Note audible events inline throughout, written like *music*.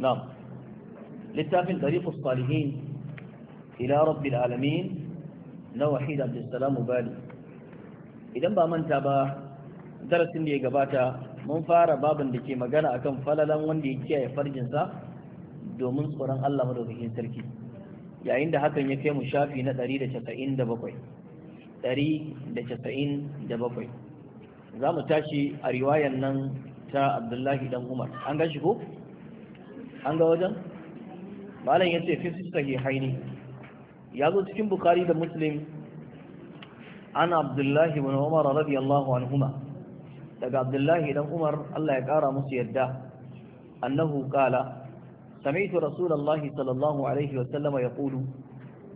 na'am littafin tariqus salihin ila rabbil alamin na wahid abdulsalam bali idan ba manta ba darasin da ya gabata mun fara babin da ke magana a kan falalan wanda ya kiyaye farjinsa domin tsoron Allah madaukakin sarki yayin da hakan ya kai mu shafi na da 197 197 za mu tashi a riwayan nan ta abdullahi dan umar an gashi ko? an ga wajen malam ya ce fi su sahihaini ya zo cikin bukari da muslim an abdullahi bin umar radiyallahu anhuma daga abdullahi dan umar Allah ya kara musu yadda annahu qala sami'tu rasulullahi sallallahu alaihi wa sallam yaqulu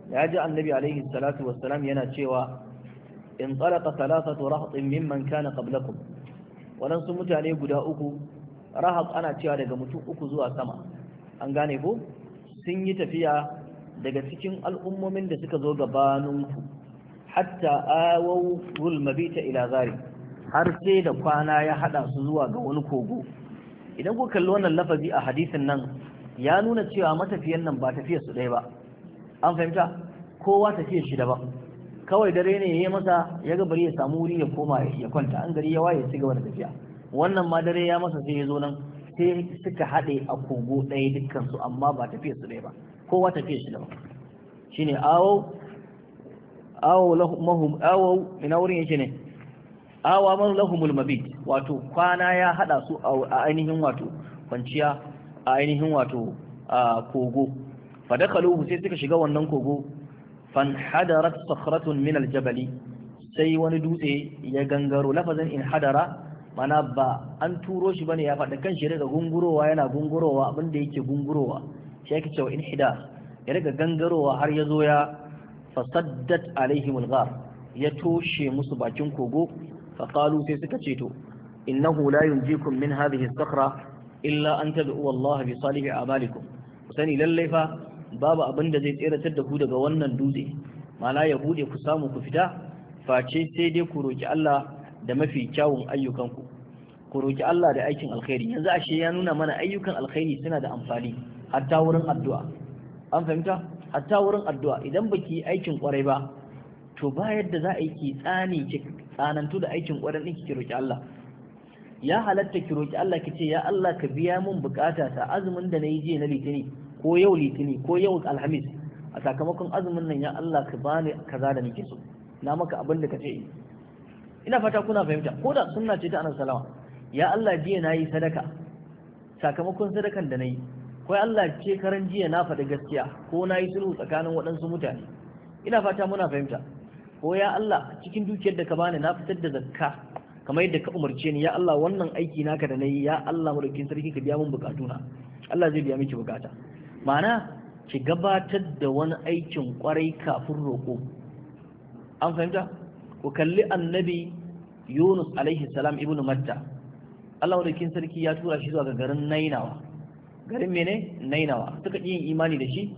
ya ji annabi alaihi salatu wa salam yana cewa in talaqa thalathatu rahatin mimman kana qablakum wadansu mutane guda uku rahab ana cewa daga mutum uku zuwa sama an gane ko sun yi tafiya daga cikin al'ummomin da suka zo gabaninku hatta awau Mabita, ila zari har sai da kwana ya hada su zuwa ga wani kogo idan ku kalli wannan lafazi a hadisin nan ya nuna cewa matafiyan nan ba tafiya su ɗaya ba an fahimta kowa tafiya shi daban kawai dare ne ya masa ya ga bari ya samu wuri ya koma ya kwanta an gari ya waye ci gaba da tafiya wannan ma dare ya masa sai ya zo nan sai suka haɗe a kogo ɗaya dukkansu amma ba tafiya su ɗaya ba kowa tafiya shi daban shine awo awo lahum awo ina wurin yake ne awa man lahumul mabit wato kwana ya haɗa su a ainihin wato kwanciya a ainihin wato a kogo fadakaluhu sai suka shiga wannan kogo fan fanhadarat sakhratun min aljabali sai wani dutse ya gangaro lafazin in hadara mana ba an turo shi bane ya faɗi? kan shi daga gungurowa yana gungurowa abin da yake gungurowa shi yake cewa inhidar ya daga gangarowa har ya zo ya fasaddat alaihi ghar ya toshe musu bakin kogo fa qalu sai suka ce to innahu la yunjikum min hadhihi as-sakhra illa an tad'u Allah bi salihi a'malikum sani lallai fa babu abin da zai tseratar da ku daga wannan dutse mana ya bude ku samu ku fita face sai dai ku roki Allah da mafi kyawun ayyukanku ku roki Allah da aikin alkhairi yanzu ashe ya nuna mana ayyukan alkhairi suna da amfani hatta wurin addu'a an fahimta hatta wurin addu'a idan baki aikin kwarai ba to ba yadda za a yi ki tsani ki tsanantu da aikin kwarai din ki roki Allah ya halatta ki roki Allah ki ce ya Allah ka biya mun bukata ta azumin da nayi jiya na litini ko yau litini ko yau alhamis a sakamakon azumin nan ya Allah ka bani kaza da nake so na maka abin da ka ina fata kuna fahimta ko da sunna ce ta annabi sallama ya Allah jiya nayi sadaka sakamakon sadakan da nayi ko Allah ce karan jiya na faɗi gaskiya ko nayi sulhu tsakanin waɗansu mutane ina fata muna fahimta ko ya Allah cikin dukiyar da ka bani na fitar da zakka kamar yadda ka umarce ni ya Allah wannan aiki naka da nayi ya Allah madaukin sarki ka biya min bukatuna Allah zai biya miki bukata ma'ana ki gabatar da wani aikin kwarai kafin roƙo an fahimta ku kalli annabi yunus alaihi salam ibn matta allah wadda sarki ya tura shi zuwa ga garin nainawa garin mene nainawa suka yin imani da shi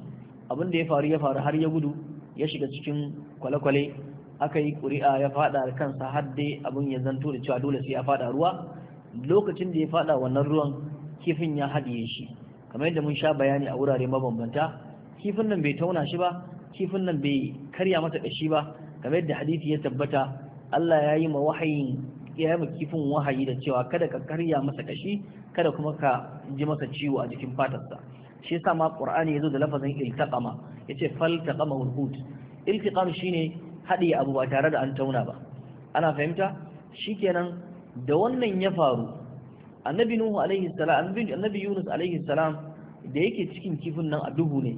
abin da ya faru ya faru har ya gudu ya shiga cikin kwale-kwale aka yi ƙuri'a ya fada kansa har dai abin ya zanto da cewa dole sai ya fada ruwa lokacin da ya fada wannan ruwan kifin ya haɗiye shi kamar yadda mun sha bayani a wurare mabambanta kifin nan bai tauna shi ba kifin nan bai karya mata ƙashi ba kamar yadda hadisi ya tabbata Allah ya yi ma wahayin ya yi kifin wahayi da cewa kada ka karya masa kashi kada kuma ka ji masa ciwo a jikin fatarsa shi yasa ma qur'ani yazo da lafazin iltaqama yace wal hud iltiqam shine hadi abu ba tare da an tauna ba ana fahimta shikenan da wannan ya faru annabi nuhu alaihi salam annabi yunus alaihi salam da yake cikin kifin nan a duhu ne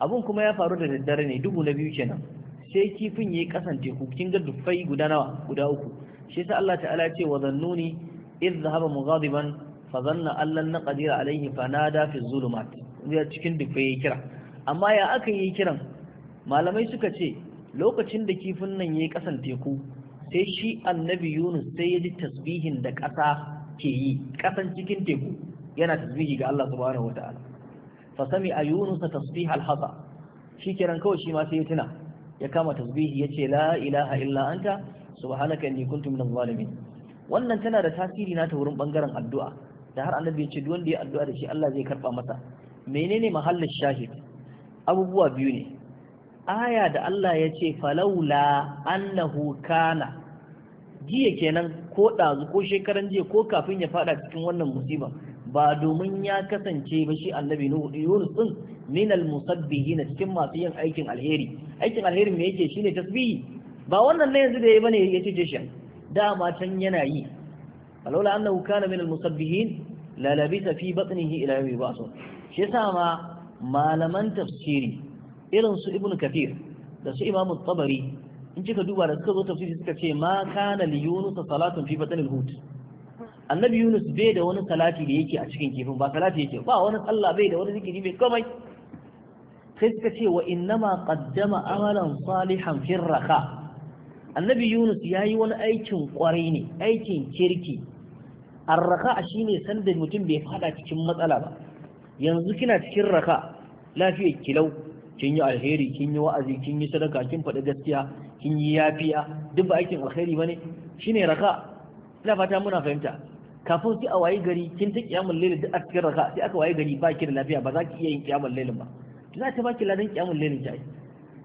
abun kuma ya faru da daddare ne dubu na biyu kenan sai kifin yayi kasan teku kin ga dufai guda nawa guda uku shi yasa Allah ta'ala ce wa zannuni idh dhahaba mughadiban fa zanna allan naqdir alayhi fanada fi zulumat ya cikin dufai ya kira amma ya aka yi kiran malamai suka ce lokacin da kifin nan yayi kasan teku sai shi annabi Yunus sai ya ji tasbihin da ƙasa ke yi ƙasan cikin teku yana tasbihi ga Allah subhanahu wa ta'ala fa sami a Yunus tasbih al-hasa shi kiran kawai shi ma sai ya tuna ya kama tasbihi ya ce, la ilaha illa anta subhanaka inni kuntu minaz zalimin wannan tana da tasiri na ta wurin bangaren addu'a da har annabi ce duk wanda ya addu'a da shi Allah zai karba masa menene mahallin shahid abubuwa biyu ne aya da Allah ya ce falawla annahu kana jiya kenan ko ɗazu ko shekaran jiya ko kafin ya fada cikin wannan musiba ba domin ya kasance ba shi annabi nuhu yunus din min al musabbihin cikin masu yin aikin alheri aikin alheri me yake shine tasbihi ba wannan ne yanzu da yayi bane ya ce shi dama can yana yi alawla annahu kana min al musabbihin la labisa fi batnihi ila yawmi ba'su shi yasa ma malaman tafsiri irin su ibnu kafir da su imamu tabari in kika duba da suka zo tafsiri suka ce ma kana li yunus salatun fi batnil hut annabi yunus bai da wani salati da yake a cikin kifin ba salati yake ba wani sallah bai da wani zikiri bai komai sai suka ce wa innama qaddama amalan salihan fi raka annabi yunus yayi wani aikin kwarai ne aikin kirki arraka shine sanda mutum bai fada cikin matsala ba yanzu kina cikin raka lafiyar kilau kin yi alheri kin yi wa'azi kin yi sadaka kin faɗi gaskiya kin yi yafiya duk ba aikin alheri bane shine raka ina fata muna fahimta kafin sai a wayi gari kin ta kiyamul layl duk a cikin raka sai aka wayi gari ba ki da lafiya ba za ki iya yin kiyamul layl ba za ta baki ladan kiyamul layl ta yi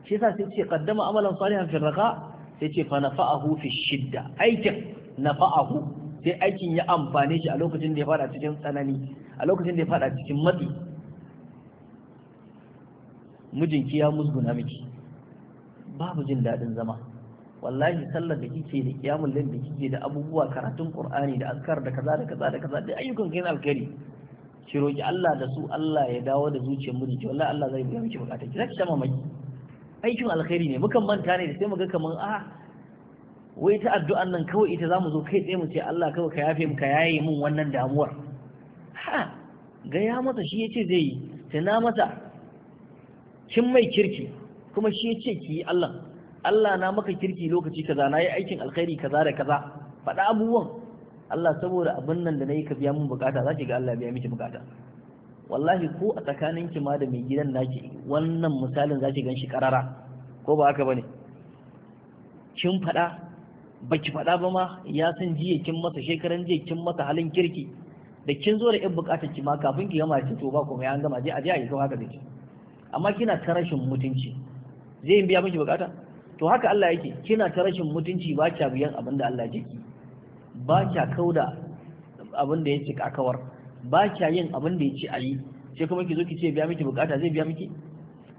shi yasa sai ce qaddama amalan salihan fi raka sai ce fa nafa'ahu fi shidda aikin nafa'ahu sai aikin ya amfane shi a lokacin da ya fada cikin tsanani a lokacin da ya fada cikin matsi mijinki ya musguna miki babu jin daɗin zama wallahi sallar da kike da kiyamul lail da kike da abubuwa karatun qur'ani da azkar da kaza da kaza da kaza da ayyukan kai alkhairi ki roki Allah da su Allah ya dawo da zuciyar mu ki wallahi Allah zai biya miki bukatun ki zaki sama maki aikin alkhairi ne mukan manta ne da sai mu ga kaman a ah, wai ta addu'an nan kawai ita zamu zo kai tsaye mu ce Allah kawai ka yafe mu ka yaye mun wannan damuwar ha ga ya masa shi yace zai yi sai na masa kin mai kirki kuma shi yace ki yi Allah Allah na maka kirki lokaci kaza na yi aikin alkhairi kaza da kaza faɗa abubuwan Allah saboda abin nan da na yi ka biya min bukata za ki ga Allah biya miki bukata wallahi ko a tsakanin ki ma da mai gidan naki wannan misalin za ki gan shi karara ko ba haka bane kin faɗa Ba ki faɗa ba ma ya san jiya kin masa shekaran jiya kin masa halin kirki da kin zo da yan bukatar ki ma kafin ki gama ki to ba kuma ya gama je a je a yi kawai haka zai amma kina ta rashin mutunci zai biya miki bukata to haka Allah yake kina ta rashin mutunci ba kya biyan abin da Allah jiki ba kya kauda abin da yake kakawar ba kya yin abin da yake ayi sai kuma ki zo ki ce biya miki bukata zai biya miki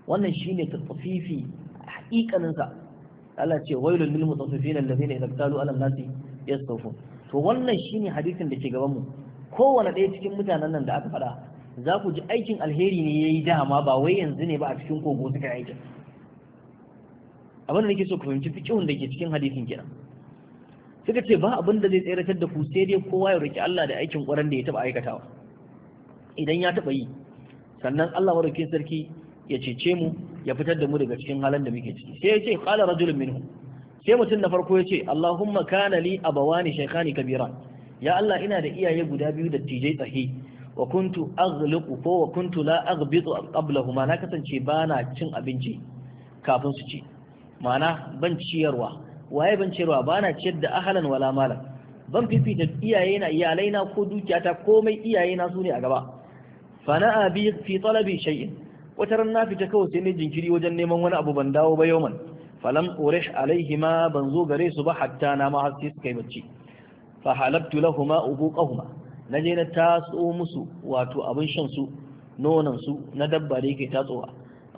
wannan shine tafifi hakikanin sa Allah ce wailul lil mutaffifin alladhina idza qalu ala nasi yastawfun to wannan shine hadisin da ke gaban mu kowane daya cikin mutanen nan da aka faɗa za ku ji aikin alheri ne yayi dama ba wai yanzu ne ba a cikin kogo suka aikin abin da nake so ku fahimci fikihun da ke cikin hadisin kenan suka ce ba abin da zai tseratar da ku sai dai kowa ya roki Allah da aikin ƙwaran da ya taba aikatawa idan ya taba yi sannan Allah madaukakin sarki ya cece mu ya fitar da mu daga cikin halin da muke ciki sai ya ce qala rajulun minhum sai mutum na farko ya ce Allahumma kana li abawani shaykhani kabira ya Allah ina da iyaye guda biyu da tijai tsahi wa kuntu aghliqu ko wa kuntu la aghbitu qablahuma na kasance bana cin abinci kafin su ci mana ban ciyarwa waye ban ciyarwa ba na ciyar da ahalan wala malan ban fifita iyaye na iyalai na ko dukiyata komai iyaye na su ne a gaba fa na abi fi talabi shay'in wata ran na fita kawai sai ne jinkiri wajen neman wani abu ban dawo ba yawman falam urish alaihima ban zo gare su ba hatta na ma hasi sai suka yi bacci fa halabtu lahumu ubuqahuma naje na taso musu wato abin shan su nonan su na dabba da yake tatsowa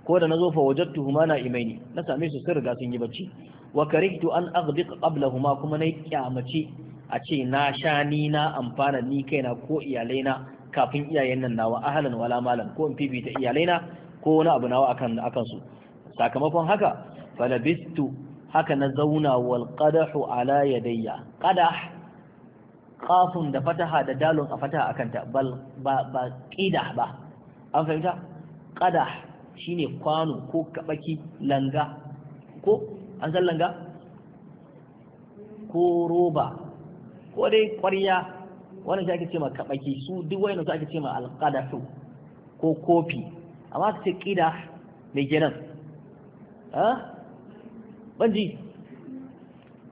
ko da nazo fa huma na imaini na same su sun riga sun yi bacci wa karihtu an aghdiq qablahuma kuma nayi kyamaci a ce na sha ni na amfana ni kaina ko iyalai na kafin iyayen nan nawa ahlan wala malan ko in fifita na ko wani abu nawa akan akan su sakamakon haka falabistu haka na zauna wal qadahu ala yadayya qadah qafun da fataha da dalun a fataha akanta bal ba ba qidah ba an fahimta qadah shine kwano ko kabaki langa ko an san langa ko roba ko dai kwarya wannan shi ake ce ma kabaki su duk wani su ake ce ma alqadatu ko kofi amma su ce kida mai gidan ha banji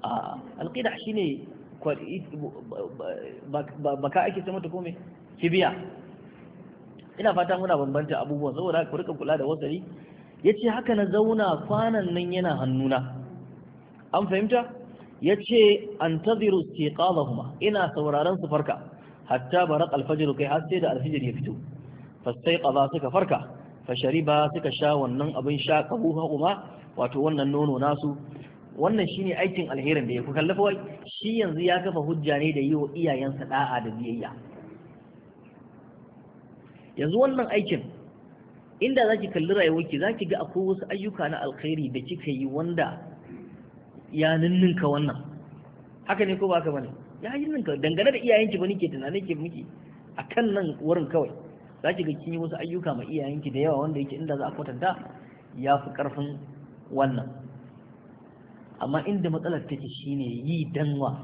a alqida shine baka ake ce mata kome kibiya ina fata muna bambanta abubuwan saboda ku rika kula da wasari yace haka na zauna kwanan nan yana hannuna an fahimta yace antaziru kuma ina sauraron su farka hatta barak alfajr kai har sai da alfajr ya fito fastaiqaza suka farka fashariba suka sha wannan abin sha kabuha wato wannan nono nasu wannan shine aikin alherin da ya ku kallafa wai shi yanzu ya kafa hujja ne da yi wa iyayensa da'a da biyayya yanzu wannan aikin inda za ki kalli rayuwarki za ki ga akwai wasu ayyuka na alkhairi da kika yi wanda ya ninninka wannan haka ne ko ba haka bane ya yi ninka dangane da iyayenki ba nike tunanin ke miki akan nan wurin kawai za ki ga kin yi wasu ayyuka ma iyayenki da yawa wanda yake inda za a kwatanta ya fi karfin wannan amma inda matsalar take shine yi danwa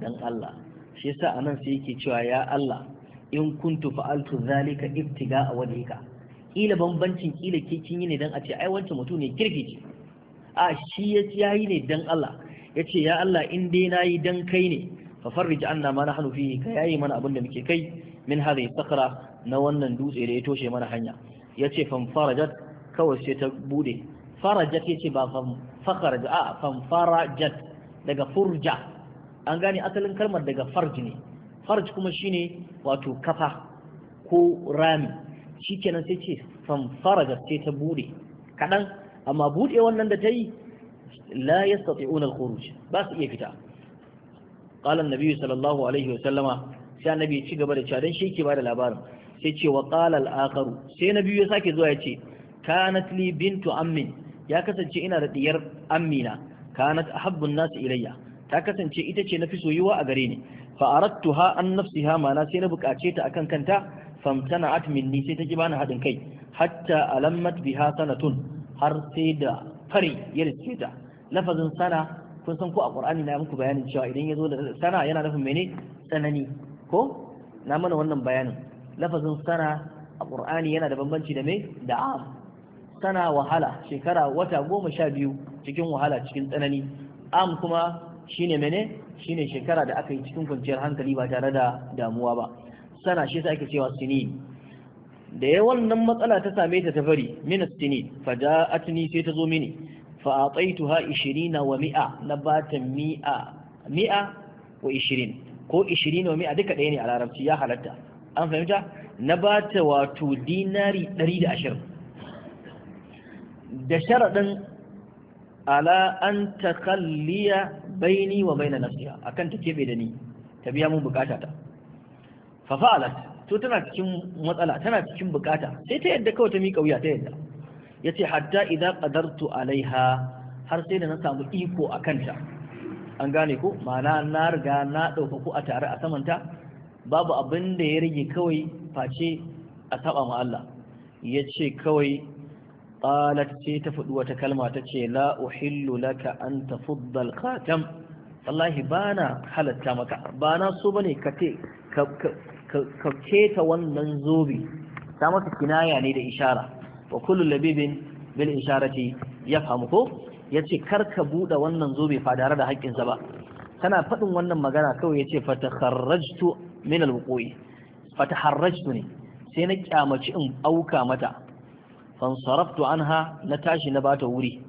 dan Allah shi yasa anan sai yake cewa ya Allah in kuntu fa'altu zalika ibtiga a ka. ila bambancin kila ke kin yi ne dan a ce ai wancan mutum ne kirkici a shi ya yayi ne dan Allah ya ce ya Allah in dai nayi dan kai ne fa farrij anna ma nahnu fihi ka yayi mana abin da muke kai min hadhihi sakra na wannan dutse da ya toshe mana hanya yace fam farajat kawai sai ta bude farajat yace ba fam fakharaj a fam farajat daga furja an gane asalin kalmar daga farj ne farj kuma shine wato kafa ko rami kenan sai ce samfara gaske ta bude kaɗan amma buɗe wannan da ta yi la yastati'una al-khuruj ba su iya fita qala an-nabi sallallahu alaihi sai annabi ya ci gaba da cadan shi ba bada labarin sai ce wa qala al sai nabi ya sake zuwa ya ce kanat li bintu ammin ya kasance ina da diyar ammina kanat ahabbu nasu ilayya ta kasance ita ce na fi soyuwa a gare ni fa ha an nafsiha mana sai na bukace ta akan kanta famtana'at minni sai ta ki bani haɗin kai hatta alammat biha sanatun har sai da fari ya riske ta lafazin sana kun san ko a qur'ani na muku bayanin cewa idan ya zo da sana yana nufin mene tsanani ko na mana wannan bayanin lafazin sana a qur'ani yana da bambanci da me da am sana wahala shekara wata goma sha biyu cikin wahala cikin tsanani am kuma shine mene shine shekara da aka yi cikin kwanciyar hankali ba tare da damuwa ba sana shi sa ake cewa sinin da ya wannan matsala ta same ta ta fari min sinin fa ja'atni sai ta zo mini fa ataituha 20 wa mi'a na bata mi'a mi'a wa 20 ko 20 wa mi'a duka ɗaya ne a larabci ya halatta an fahimta na bata wato dinari ɗari da Da sharaɗin ala an takalliya baini wa baina nafsiha akan ta kebe da ni ta biya mun bukata ta fa fa'alat to tana cikin matsala tana cikin bukata sai ta yadda kawai ta mika wuya ta yadda yace hatta idza qadartu alaiha har sai da na samu iko a kanta an gane ko Mana na riga na ku a tare a samanta babu abin da ya rage kawai face a saba mu Allah yace kawai qalat ce ta faɗi wata kalma ta ce la uhillu laka an tafudda wallahi bana halatta maka bana so bane ka te ka keta wannan zobe ta maka kinaya ne da ishara wa kullu labibin bil isharati yafhamu ko yace kar ka buɗe wannan zobe fa tare da haƙƙinsa ba tana faɗin wannan magana kawai yace fatakharrajtu min al-wuqi fataharrajtu ne sai na kyamaci in auka mata fansaraftu anha na tashi na bata wuri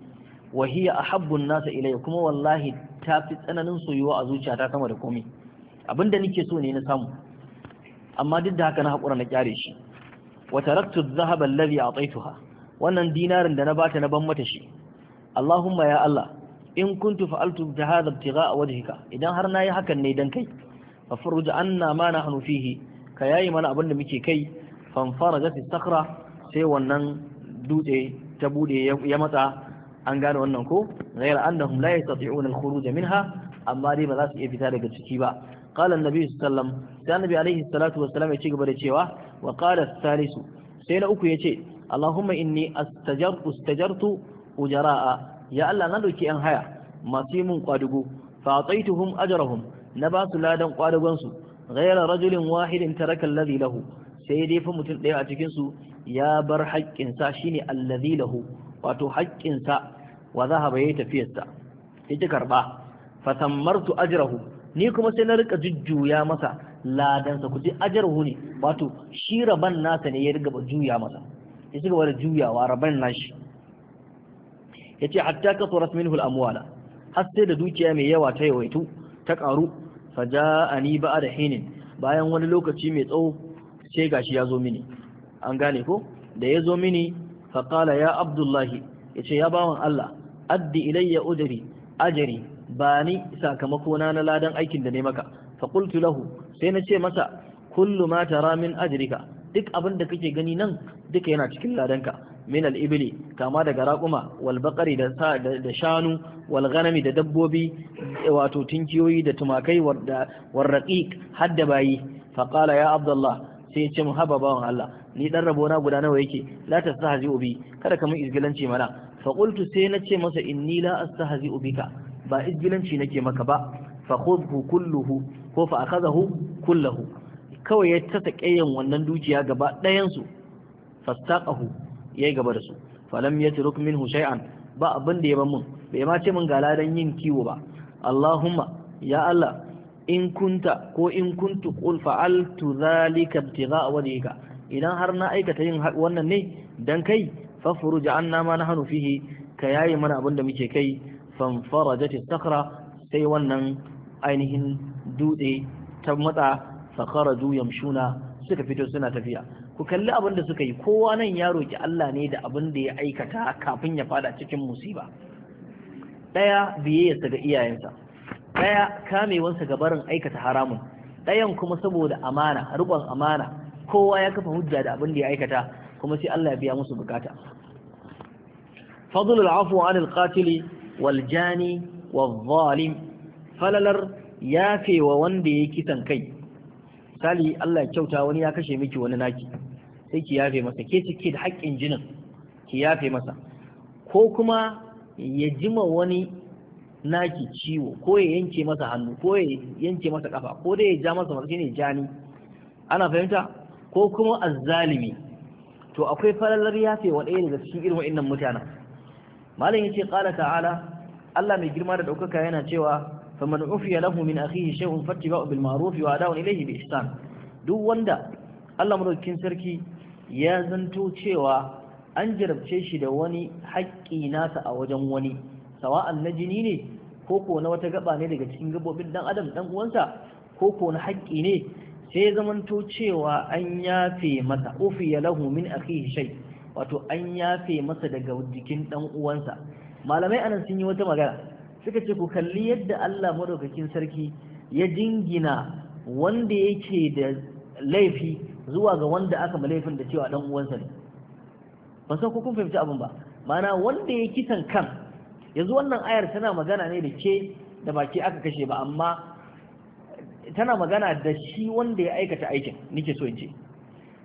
wa hiya ahabbu nasa ilayya kuma wallahi ta fi tsananin soyuwa a zuciyata sama da komai abinda nake so ne na samu amma duk da haka na haƙura na kyare shi wa taraktu adh-dhahaba alladhi a'taytuha wannan dinarin da na bata na ban mata shi Allahumma ya Allah in kuntu fa'altu bi hadha ibtigha'a wajhika idan har nayi hakan ne dan kai fa farruj anna ma nahnu fihi ka yayi mana abin da muke kai fanfarajat sakra sai wannan dutse ta bude ya matsa an gane wannan ko ghayr annahum la yastati'un al-khuruj minha amma dai ba za su iya fita daga ciki ba qala an-nabi sallam alaihi annabi alaihi salatu wassalam ya ci gaba da cewa wa qala salisu sai na uku yace allahumma inni astajartu astajartu ujara'a ya Allah na doki an haya masu yi mun kwadugo fa ataituhum ajrahum na ba su ladan kwadugon su ghayra rajulin wahidin taraka alladhi lahu sai dai fa mutum ɗaya a cikin su ya bar haƙƙinsa shine allazi lahu wato haƙƙinsa wa zahaba yayi tafiyarsa yake karba fa sammartu ajrahu ni kuma sai na rika jujjuya masa ladansa ku ji ajrahu ne wato shi raban nasa ne ya riga ba juya masa ya ci gaba da juyawa raban nashi yace hatta kasurat minhu al-amwala har sai da dukiya mai yawa ta yawaitu ta karu fa ja'ani ba da hinin bayan wani lokaci mai tsawo sai gashi ya zo mini an gane ko da ya zo mini faƙala ya abdullahi ya ce ya bawan Allah addi ilayya udiri ajari ba ni sakamako na na ladan aikin da ne maka faƙultu lahu sai na ce masa kullu ma tara min ajrika duk abin da kake gani nan duka yana cikin ladanka min al-ibli kama daga raƙuma wal baqari da da shanu wal da dabbobi wato tinkiyoyi da tumakai war raqiq hadda bayi faqala ya abdullah sai ya ce mu haba bawan Allah ni dan rabo na guda nawa yake la tastahzi ubi kada ka mun izgilanci mana fa qultu sai na ce masa inni la astahzi ubika ba izgilanci nake maka ba fa khudhu kulluhu ko fa akhadahu kullahu kawai ya ta taƙayyan wannan dukiya gaba ɗayan su fastaqahu yayi gaba da su falam yatruk minhu shay'an ba abin da ya ba mun bai ma ce mun ga ladan yin kiwo ba Allahumma ya Allah in kunta ko in kuntu qul fa'altu dhalika ibtigha'a wajhika idan har na aikata yin wannan ne dan kai fafuruj anna ma nahnu fihi ka yayi mana abin da muke kai fan farajat sakhra sai wannan ainihin dutse ta matsa kharaju yamshuna suka fito suna tafiya ku kalli abin da suka yi kowa nan ya roki Allah ne da abin da ya aikata kafin ya fada cikin musiba daya biye ya ga iyayensa Ɗaya kamewansa ga barin aikata haramun ɗayan kuma saboda amana rubon amana kowa ya kafa hujja da abin da ya aikata kuma sai Allah ya biya musu bukata fadlul afu anil Waljani wal jani wal zalim falalar yafewa wanda ya kisan kai misali Allah ya kyauta wani ya kashe miki wani naki sai ki yafe masa ke cike da haƙƙin jinin ki yafe masa ko kuma ya jima wani naki ciwo ko ya yanke masa hannu ko ya yanke masa kafa ko dai ya ja masa masu ne jani ana fahimta ko kuma azzalimi to akwai falalar yafe wa ɗaya daga cikin irin wa'innan mutanen malam ce qala ta'ala Allah mai girma da ɗaukaka yana cewa faman ufiya lahu min akhihi shay'un fattiba'u bil ma'ruf wa ada'un ilayhi bi ihsan duk wanda Allah madaukakin sarki ya zanto cewa an jarabce shi da wani haƙƙi nasa a wajen wani sawa'an na jini ne ko ko na wata gaba ne daga cikin gabobin dan adam dan uwansa ko ko na haƙƙi ne sai zamanto cewa an yafe masa ya lahu min akhihi shay wato an yafe masa daga jikin dan uwansa malamai anan sun yi wata magana suka ce ku kalli yadda Allah madaukakin sarki ya dingina wanda yake da laifi zuwa ga wanda aka ma laifin da cewa dan uwansa ne Ba san ko kun fahimci abin ba Mana wanda ya kisan kan yanzu wannan ayar tana magana ne da ke da baki aka kashe ba amma tana magana da shi wanda ya aikata aikin nike so in ce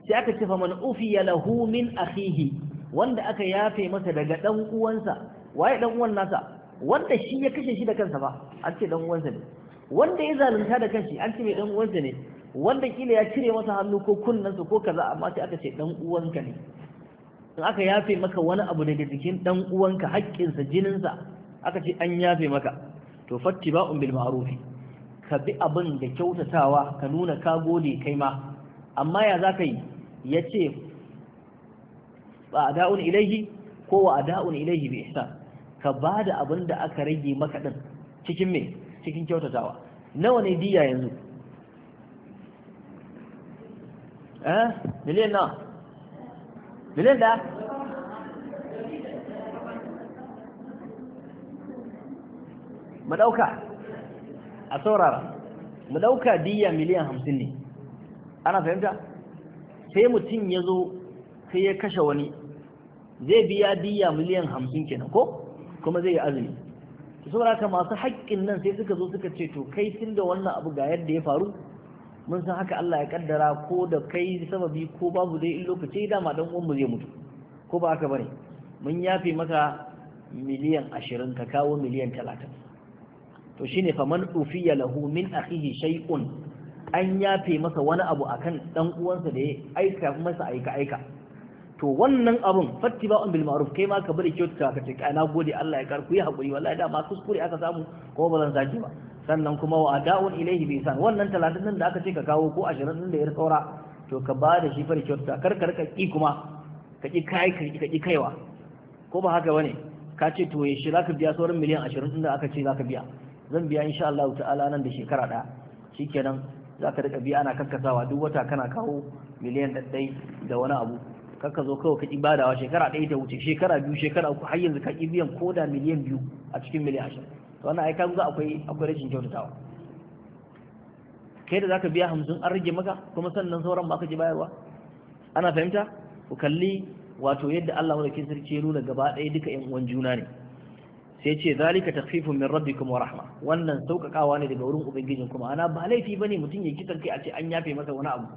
sai aka ce fa man ufiya lahu min akhihi wanda aka yafe masa daga dan uwansa waye dan uwan nasa wanda shi ya kashe shi da kansa ba an ce dan uwansa ne wanda ya zalunta da kanshi an ce mai dan uwansa ne wanda kila ya cire masa hannu ko kunnensa ko kaza amma sai aka ce dan uwanka ne in aka yafe maka wani abu daga jikin dan uwanka haƙƙinsa jininsa aka ce an yafe maka to fatti ba bil marufi ka bi abin da kyautatawa ka nuna ka gode kai ma amma ya za ka yi ya ce ba a da'un ilaihi ko wa da'un ilaihi bi ihsan ka ba da abin da aka rage maka din cikin me cikin kyautatawa nawa ne diya yanzu eh miliyan nawa miliyan ɗaya mu a saurara Madauka diya miliyan hamsin ne ana fahimta sai mutum ya zo sai ya kashe wani zai biya diya miliyan hamsin kenan ko kuma zai yi azumi saboda haka masu haƙƙin nan sai suka zo suka ce to kai tun da wannan abu ga yadda ya faru mun san haka Allah ya kaddara ko da kai sababi ko babu dai in lokaci dama dan uwan mu zai mutu ko ba haka bane mun yafe maka miliyan 20 ka kawo miliyan 30 to shine faman ufiya lahu min akhihi shay'un an yafe masa wani abu akan dan uwansa da ya aika masa aika aika to wannan abun fattiba'un bil ma'ruf kai ma ka bari kyautata ka ce na gode Allah ya karku ya hakuri wallahi da ma kuskure aka samu ko ba zan zaki ba sannan kuma wa ada'un ilaihi bi san wannan 30 din da aka ce ka kawo ko 20 din da ya saura to ka ba da shi far kyauta kar ka rika ki kuma ka ki kai ka ki kaiwa ko ba haka bane ka ce to yaushe zaka biya sauran miliyan 20 din da aka ce zaka biya zan biya insha Allah ta'ala nan da shekara daya shikenan zaka rika biya ana kakkasawa duk wata kana kawo miliyan ɗaya da wani abu kaka zo kawai ka ki badawa shekara ɗaya ta wuce shekara biyu shekara uku har yanzu ka ki biyan koda miliyan biyu a cikin miliyan ashirin. wannan ai kaga akwai akwai rashin kyautatawa kai da zaka biya hamsin an rage maka kuma sannan sauran ba ka ji bayarwa ana fahimta ku kalli wato yadda Allah madaukin sarki ya nuna gaba ɗaya duka ƴan uwan juna ne sai ce zalika takhfifun min rabbikum wa rahma wannan saukakawa ne daga wurin ubangijin kuma ana ba laifi bane mutum ya kitan kai a ce an yafe masa wani abu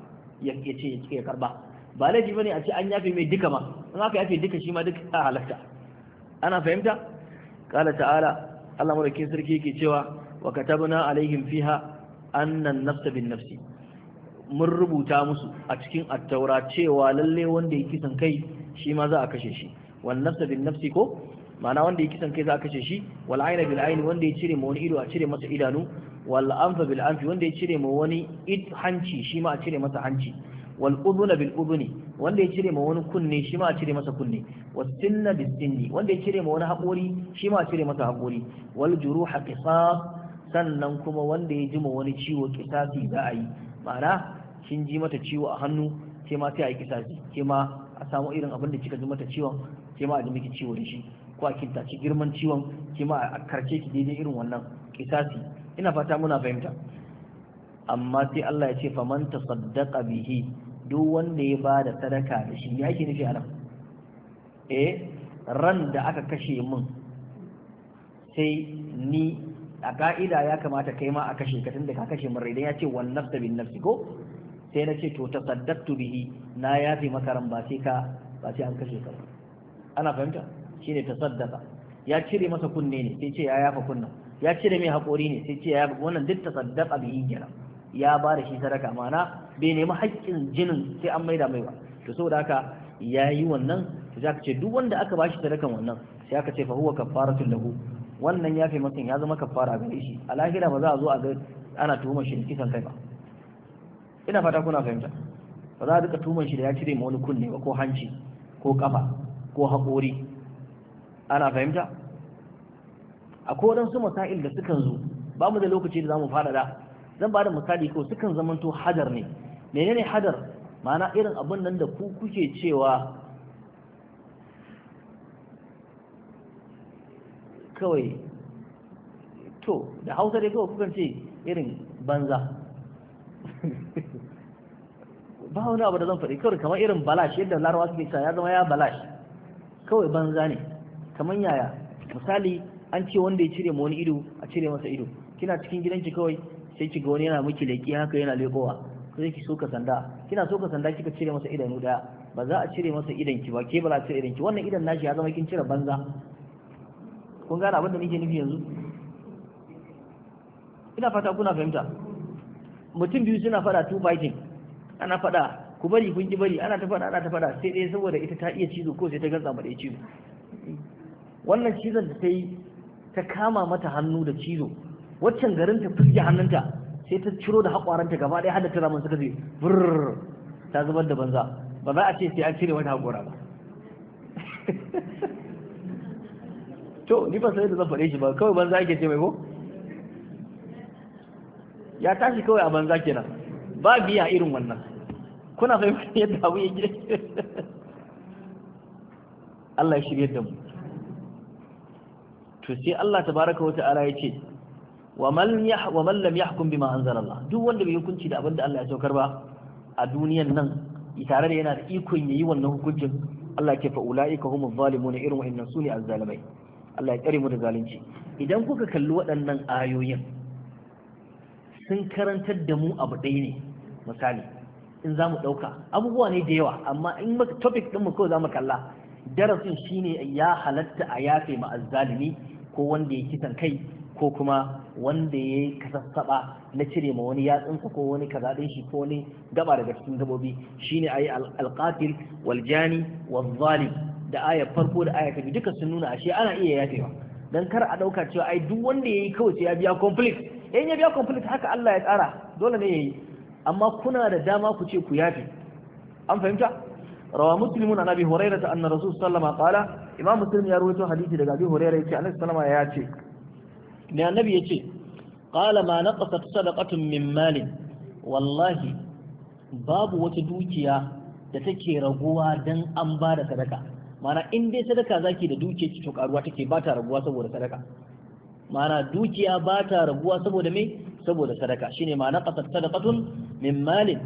ya ce ya karba ba laifi bane a ce an yafe mai duka ma in aka yafe duka shi ma duka ta halatta ana fahimta qala ta'ala Allah madaukin sarki yake cewa wa katabna alaihim fiha annan nafsa bin nafsi mun rubuta musu a cikin attaura cewa lalle wanda ya kisan kai shi ma za a kashe shi wal nafsa bin nafsi ko ma'ana wanda ya kisan kai za a kashe shi wal aina bil aini wanda ya cire ma wani ido a cire masa idanu wal anfa bil anfi wanda ya cire ma wani hanci shi ma a cire masa hanci wal udhuna bil udhuni wanda ya cire ma wani kunne shi ma a cire masa kunne was sinna bis sinni wanda ya cire ma wani haƙori shi ma a cire masa haƙori wal juruha qisas sannan kuma wanda ya ji ma wani ciwo kisasi za a yi ma'ana kin ji mata ciwo a hannu ke ma sai a yi kisasi ke ma a samu irin abin da kika ji mata ciwon ke ma a ji miki ciwo da shi ko a kintaci girman ciwon ke ma a karce ki daidai irin wannan kisasi ina fata muna fahimta amma sai Allah ya ce faman tasaddaqa bihi duk wanda ya ba da sadaka da shi ya ke nufi a eh ran da aka kashe min sai ni a ka'ida ya kamata kai ma a kashe ka tunda ka kashe min rai dan ya ce wan nafsa bin nafsi ko sai na ce to tasaddaqtu bihi na yafi maka ran ba sai ka ba sai an kashe ka ana fahimta shine tasaddaqa ya cire masa kunne ne sai ce ya yafa kunnan ya cire mai haƙori ne sai ce ya yafa wannan duk tasaddaqa bihi kenan ya ba da shi sadaka ma'ana bai nemi haƙƙin jinin sai an maida mai ba to saboda haka ya yi wannan to za ka ce duk wanda aka bashi sadakan wannan sai aka ce fa huwa kafaratun lahu wannan ya fi mutum ya zama kafara ga shi a lahira ba za a zo a ga ana tuhumar shi kisan kai ba ina fata kuna fahimta ba za a duka tuhumar shi da ya cire ma wani kunne ba ko hanci ko kafa ko haƙori ana fahimta a su masail da sukan zo ba mu da lokaci da za mu faɗaɗa zan ba da misali ko sukan zamanto hajar ne menene hadar ma'ana irin abin nan da ku kuke cewa kawai to da hausa dai kawai kukan ce irin banza *laughs* ba wani abu da zan faɗi kawai kamar irin balash yadda larawa suke cewa ya zama ya balash kawai banza ne kamar yaya misali an ce wanda ya cire ma wani ido a cire masa ido kina cikin gidanki kawai sai ki ga wani yana miki leƙi haka yana leƙowa sai ki soka sanda kina soka sanda kika cire masa idanu daya ba za a cire masa idan ki ba ke ba za a cire idan ki wannan idan nashi ya zama kin cire banza kun gane abin da nake nufi yanzu ina fata kuna fahimta mutum biyu suna fada two fighting ana fada ku bari kun ki bari ana ta fada ana ta fada sai dai saboda ita ta iya cizo ko sai ta gantsa ma da cizo wannan cizon da ta yi ta kama mata hannu da cizo waccan garin ta firge hannunta sai ta ciro da haƙwaranta gaba ɗaya hada zama suka zai burr ta zubar da banza ba za a ce sai an cire wani haƙwara ba *laughs* to ni ba sai da zan faɗe shi ba kawai banza ake ce mai ko ya tashi kawai a banza kenan ba biya irin wannan kuna fahimtar yadda abu yake *laughs* Allah ya shirye da mu to sai Allah tabaraka wa ta'ala ya ce wa man lam yahkum bima anzalallah duk wanda bai hukunci da abin da Allah ya saukar ba a duniyan nan tare da yana da ikon yayi wannan hukuncin Allah ke fa ulaika humuz zalimun irin wa'annan sune azzalimai Allah ya kare mu da zalunci idan kuka kalli waɗannan ayoyin sun karantar da mu abu ɗaya ne misali in za mu ɗauka abubuwa ne da yawa amma in topic ɗin mu kawai za mu kalla darasin shine ya halatta a yafe ma azzalimi ko wanda ya kisan kai ko kuma wanda ya yi kasassaba na cire ma wani yatsunsa ko wani kaza din shi ko wani gaba daga cikin gabobi shine ayi alqatil wal jani wal zalim da aya farko da aya ta biyu duka sun nuna ashe ana iya yafewa dan kar a dauka cewa ai duk wanda yayi kawai sai ya biya conflict eh, in ya biya conflict haka Allah ya tsara dole ne yayi amma kuna da dama ku ce ku yafe an fahimta rawa muslimun an abi hurairah anna rasul sallama qala imam muslim ya rawaito hadisi daga abi hurairah yace annabi sallama ya ce ne annabi ce, ƙala ma na ta sadaqatun min malin wallahi babu wata dukiya da take raguwa don an ba da sadaka mana in dai sadaka zaki da dukiya ki to take ba ta raguwa saboda sadaka mana dukiya ba ta raguwa saboda me saboda sadaka shine ma na naqasat sadaqatun min malin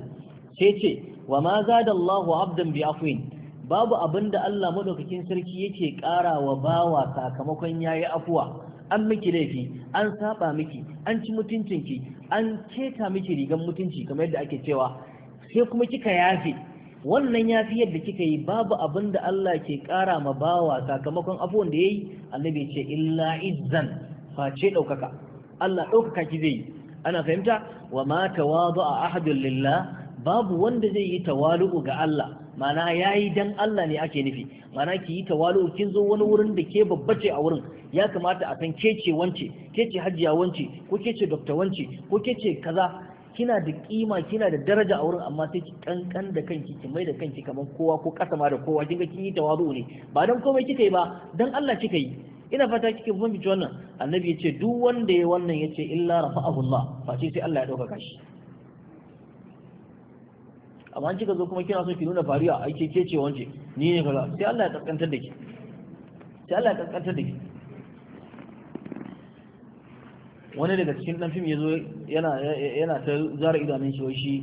sai ce wa ma zada Allahu abdan bi afwin babu abinda Allah madaukakin sarki yake ƙara wa bawa sakamakon yayi afuwa an miki laifi an saba miki an ci mutuncinki an keta miki rigan mutunci kamar yadda ake cewa sai kuma kika yafi wannan yafi yadda kika yi babu abin da Allah ke kara ma bawa sakamakon abuwan da yayi annabi ce illa izzan face daukaka Allah daukaka ki zai ana fahimta wa ma tawadu ahadun lillah babu wanda zai yi tawalu'u ga Allah mana yi dan Allah ne ake nufi mana ki yi tawalu'u kin zo wani wurin da ke babbace a wurin ya kamata a kan kece wance kece hajiya wance ko kece dokta wance ko kece kaza kina da kima kina da daraja a wurin amma sai ki kankan da kanki ki mai da kanki kamar kowa ko kasa ma da kowa kinga kin yi tawalu'u ne ba dan komai kika yi ba dan Allah kika yi ina fata kike fahimci wannan annabi ya ce duk wanda ya wannan ya ce illa rafa'ahu Allah face sai Allah ya ɗaukaka kashi. amma an kika zo kuma kina so ki nuna fariya ai ke ke ce wance ni ne kaza sai Allah ya kaskantar da ki sai Allah ya kaskantar da ki wani daga cikin dan fim yazo yana yana ta zara idanun shi shi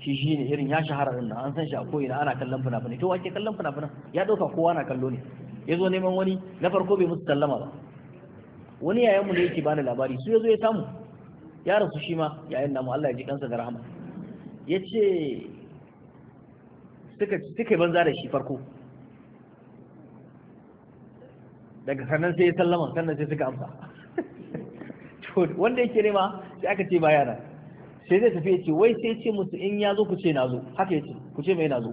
shi shi ne irin ya shahara din an san shi a koyi ana kallon fina-finai to wake kallon fina fina ya dauka kowa na kallo ne yazo neman wani na farko bai musu sallama ba wani yayan mu ne yake bani labari su yazo ya samu ya rasu shi ma yayan namu Allah ya ji kansa da rahama yace suka yi banza da shi farko daga sannan sai ya sallama sannan sai suka amsa *laughs* wanda yake nema sai aka ce ba yana sai zai tafi ya ce wai sai ce musu in ya zo ku ce na zo haka ya ce ku ce mai na zo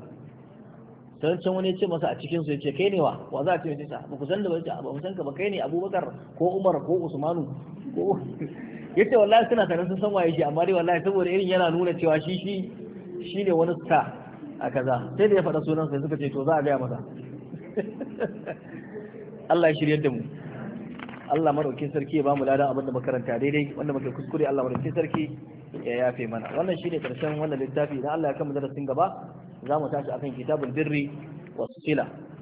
sannan can wani ya ce masa a cikin su ya ce kai ne wa wa za a ce mai ba ku san da ba ba ku san ka ba kai ne abubakar ko umar ko usmanu ko *laughs* ya ce wallahi suna sanar sun san waye shi amma dai wallahi saboda irin yana nuna cewa shi shi shi ne wani star a kaza sai da ya faɗa sunan sai suka ce to za a gaya masa Allah ya shiryar da mu Allah madaukin sarki ya bamu ladan abin da makaranta daidai wanda muke kuskure Allah madaukin sarki ya yafe mana wannan shine karshen wannan littafi idan Allah ya kammala darasin gaba za mu tashi akan kitabul birri was sila